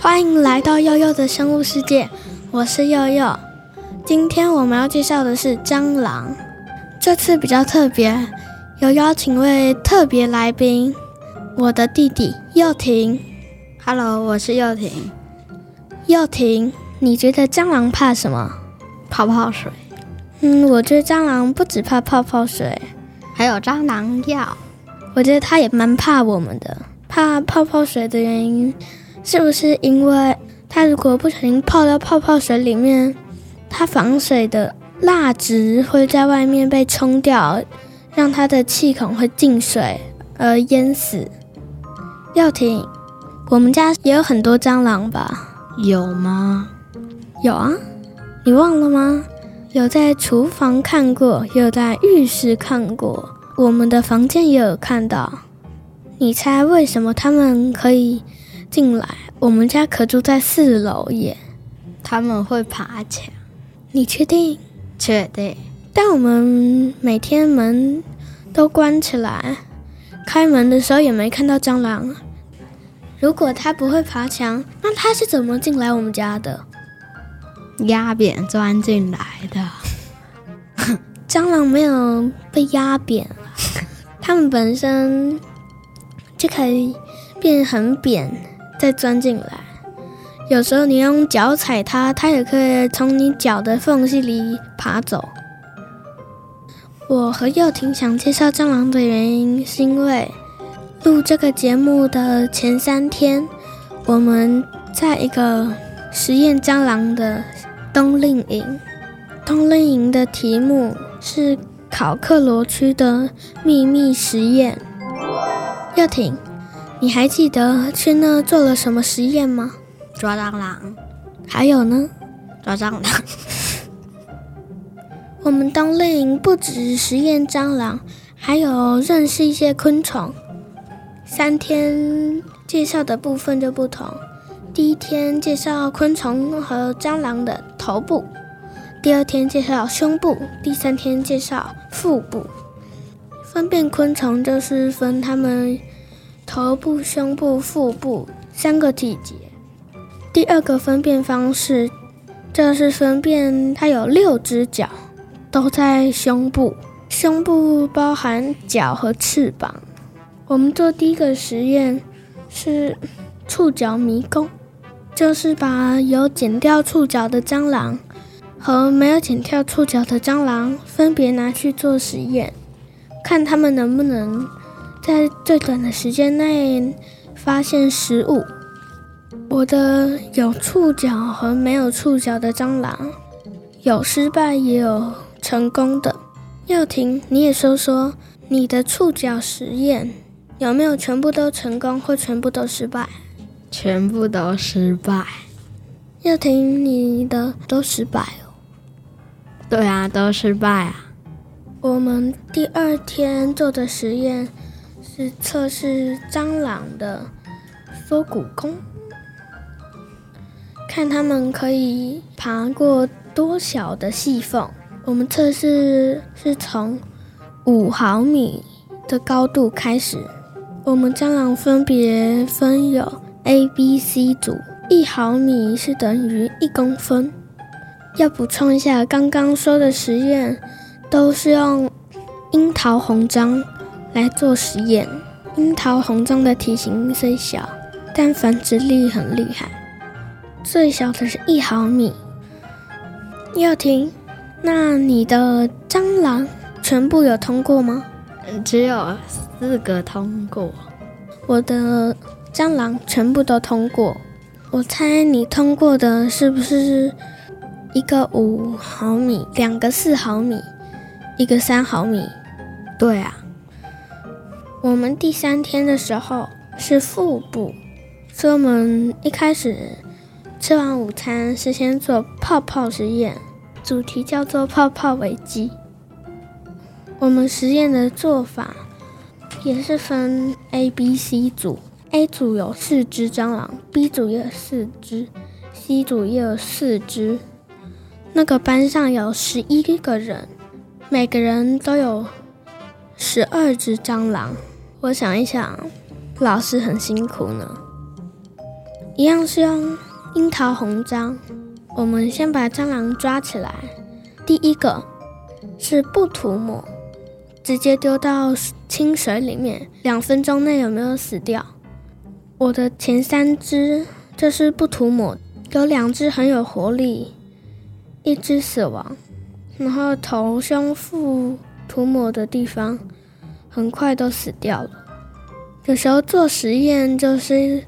歡迎來到祐祐的生物世界，我是祐祐。今天我們要介紹的是蟑螂，這次比較特別，有邀請位特別來賓，我的弟弟佑婷。Hello，我是佑婷。佑婷。你覺得蟑螂怕什麼？泡泡水？嗯，我覺得蟑螂不止怕泡泡水，還有蟑螂藥。我覺得它也蠻怕我們的。怕泡泡水的原因，是不是因為它如果不小心泡到泡泡水裡面，它防水的蠟質會在外面被沖掉，讓它的氣孔會進水而淹死？耀廷，我們家也有很多蟑螂吧？有嗎？有啊，你忘了嗎？有在廚房看過，有在浴室看過，我們的房間也有看到。你猜為什麼他們可以進來？我們家可住在四樓耶。他們會爬牆。你確定？確定。但我們每天門都關起來，開門的時候也沒看到蟑螂。如果他不會爬牆，那他是怎麼進來我們家的？壓扁鑽進來的 蟑螂沒有被壓扁，它 們本身就可以變很扁，再鑽進來。有時候你用腳踩它它也可以從你腳的縫隙裡爬走。我和幼婷想介紹蟑螂的原因，是因為錄這個節目的前三天，我們在一個實驗蟑螂的冬令營，冬令營的題目是考克羅區的祕密實驗。葉挺，你還記得去那做了什麼實驗嗎？抓蟑螂。還有呢？抓蟑螂。 我們冬令營不止實驗蟑螂，還有認識一些昆蟲。三天介紹的部分就不同。第一天介紹昆蟲和蟑螂的頭部，第二天介紹胸部，第三天介紹腹部。分辨昆蟲就是分它們頭部、胸部、腹部三個體節。第二個分辨方式，就是分辨它有六隻腳，都在胸部。胸部包含腳和翅膀。我們做第一個實驗是觸角迷宮。就是把有剪掉觸角的蟑螂，和沒有剪掉觸角的蟑螂分別拿去做實驗，看他們能不能在最短的時間內發現食物。我的有觸角和沒有觸角的蟑螂，有失敗也有成功的。耀婷，你也說說你的觸角實驗有沒有全部都成功，或全部都失敗？全部都失敗，要聽你的都失敗哦。對啊，都失敗啊。我們第二天做的實驗是測試蟑螂的縮骨功，看它們可以爬過多小的細縫。我們測試是從五毫米的高度開始，我們蟑螂分別分有。a b c 組，一毫米是等於一公分。要補充一下，剛剛說的實驗都是用櫻桃紅蟑來做實驗。櫻桃紅蟑的體型雖小，但繁殖力很厲害。最小的是一毫米。耀婷，那你的蟑螂全部有通過嗎？只有四個通過。我的。蟑螂全部都通過，我猜你通過的是不是一個五毫米，兩個四毫米，一個三毫米？對啊，我們第三天的時候是腹部，所以我們一開始吃完午餐是先做泡泡實驗，主題叫做“泡泡危機”。我們實驗的做法也是分 A、B、C 組。A 組有四只蟑螂，B 組也有四只，C 組也有四只。那個班上有十一個人，每個人都有十二只蟑螂。我想一想，老師很辛苦呢。一樣是用櫻桃紅章，我們先把蟑螂抓起來。第一個是不塗抹，直接丟到清水裡面，兩分鐘內有沒有死掉？我的前三隻就是不塗抹，有兩隻很有活力，一隻死亡，然後頭胸腹塗抹的地方很快都死掉了。有時候做實驗就是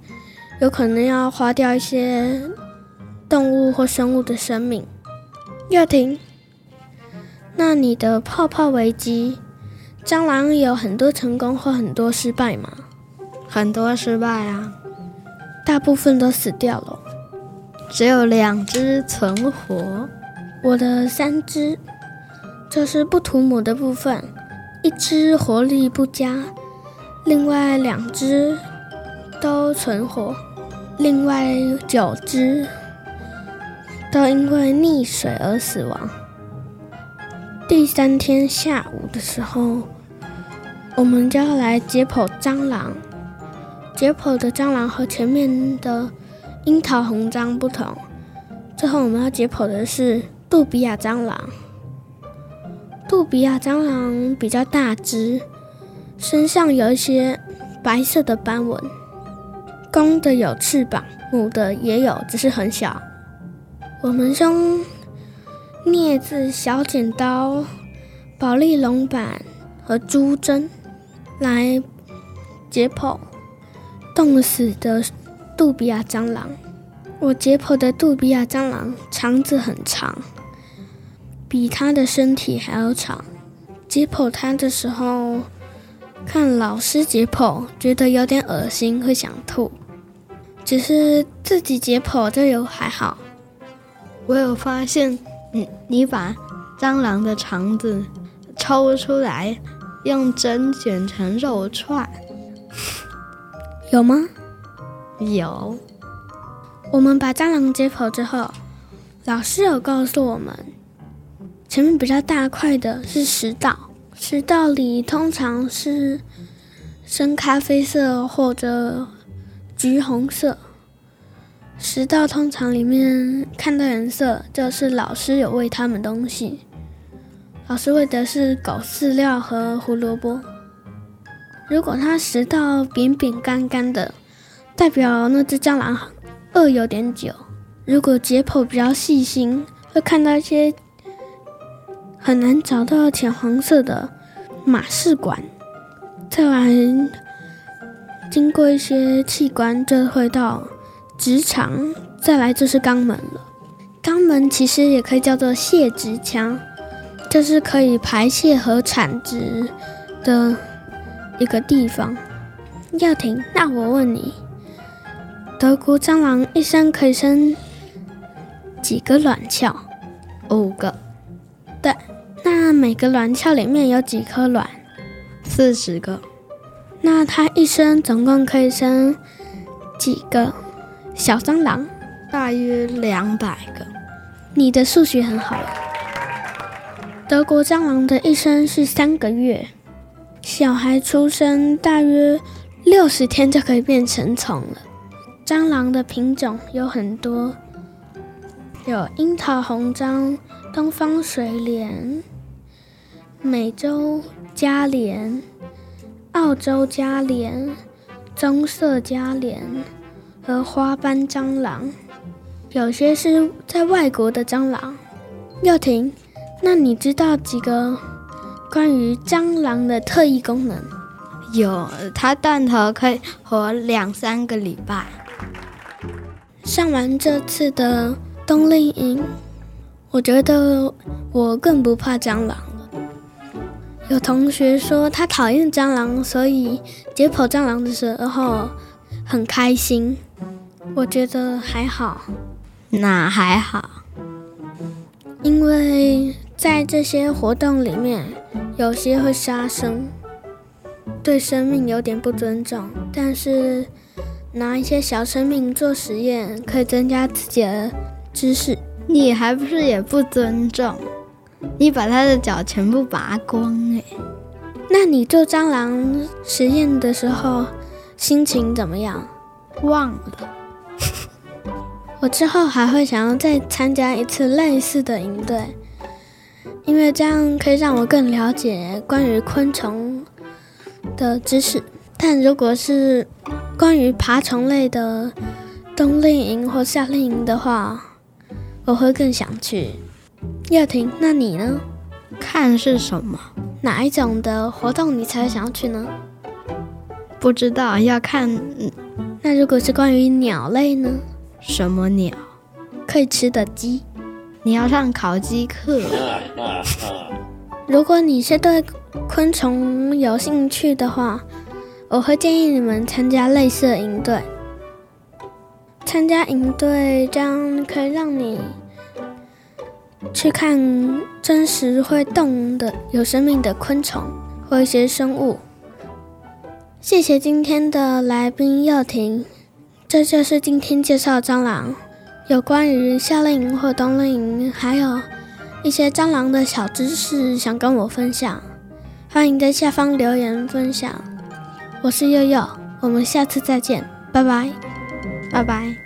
有可能要花掉一些動物或生物的生命。亞婷，那你的泡泡危機蟑螂，有很多成功或很多失敗嗎？很多失敗啊，大部分都死掉了，只有兩隻存活。我的三隻，這、就是不塗抹的部分，一隻活力不佳，另外兩隻都存活，另外九隻都因為溺水而死亡。第三天下午的時候，我們就要來解剖蟑螂。解剖的蟑螂和前面的櫻桃紅蟑不同。最後我們要解剖的是杜比亞蟑螂。杜比亞蟑螂比較大只，身上有一些白色的斑紋。公的有翅膀，母的也有，只是很小。我們用鑷子、小剪刀、保麗龍板和珠針來解剖。凍死的杜比亞蟑螂。我解剖的杜比亞蟑螂腸子很長，比它的身體還要長。解剖它的時候，看老師解剖，覺得有點噁心，會想吐。只是自己解剖就有還好。我有發現，你你把蟑螂的腸子抽出來，用針捲成肉串。有嗎？有。我們把蟑螂解剖之後，老師有告訴我們，前面比較大塊的是食道，食道裡通常是深咖啡色或者橘紅色。食道通常裡面看到顏色，就是老師有餵他們東西。老師餵的是狗飼料和胡蘿蔔。如果它食道扁扁乾乾的，代表那隻蟑螂餓有點久。如果解剖比較細心，會看到一些很難找到淺黃色的馬氏管，再來經過一些器官就會到直腸，再來就是肛門了。肛門其實也可以叫做泄殖腔，就是可以排泄和產殖的。一個地方要停，那我問你，德國蟑螂一生可以生幾個卵鞘？五個。對，那每個卵鞘裡面有幾顆卵？四十個。那它一生總共可以生幾個小蟑螂？大約兩百個。你的數學很好啊。德國蟑螂的一生是三個月。小孩出生大約六十天就可以變成蟲了。蟑螂的品種有很多，有櫻桃紅蟑、東方水蠊、美洲家蠊、澳洲家蠊、棕色家蠊和花斑蟑螂。有些是在外國的蟑螂。祐庭，那你知道幾個？關於蟑螂的特異功能，有它斷頭可以活兩三個禮拜。上完這次的冬令營，我覺得我更不怕蟑螂了。有同學說他討厭蟑螂，所以解剖蟑螂的時候很開心。我覺得還好，那還好？因為。在這些活動裡面，有些會殺生，對生命有點不尊重。但是拿一些小生命做實驗，可以增加自己的知識。你還不是也不尊重？你把他的腳全部拔光欸！那你做蟑螂實驗的時候心情怎麼樣？忘了。 我之後還會想要再參加一次類似的營隊。因為這樣可以讓我更了解關於昆蟲的知識，但如果是關於爬蟲類的冬令營或夏令營的話，我會更想去。葉婷，那你呢？看是什麼，哪一種的活動你才想要去呢？不知道，要看。那如果是關於鳥類呢？什麼鳥？可以吃的雞。你要上烤雞課。 如果你是對昆蟲有興趣的話，我會建議你們參加類似營隊。參加營隊，這樣可以讓你去看真實會動的、有生命的昆蟲或一些生物。謝謝今天的來賓耀廷，這就是今天介紹的蟑螂。有關於夏令營或冬令營，還有一些蟑螂的小知識，想跟我分享，歡迎在下方留言分享。我是祐祐，我們下次再見，拜拜，拜拜。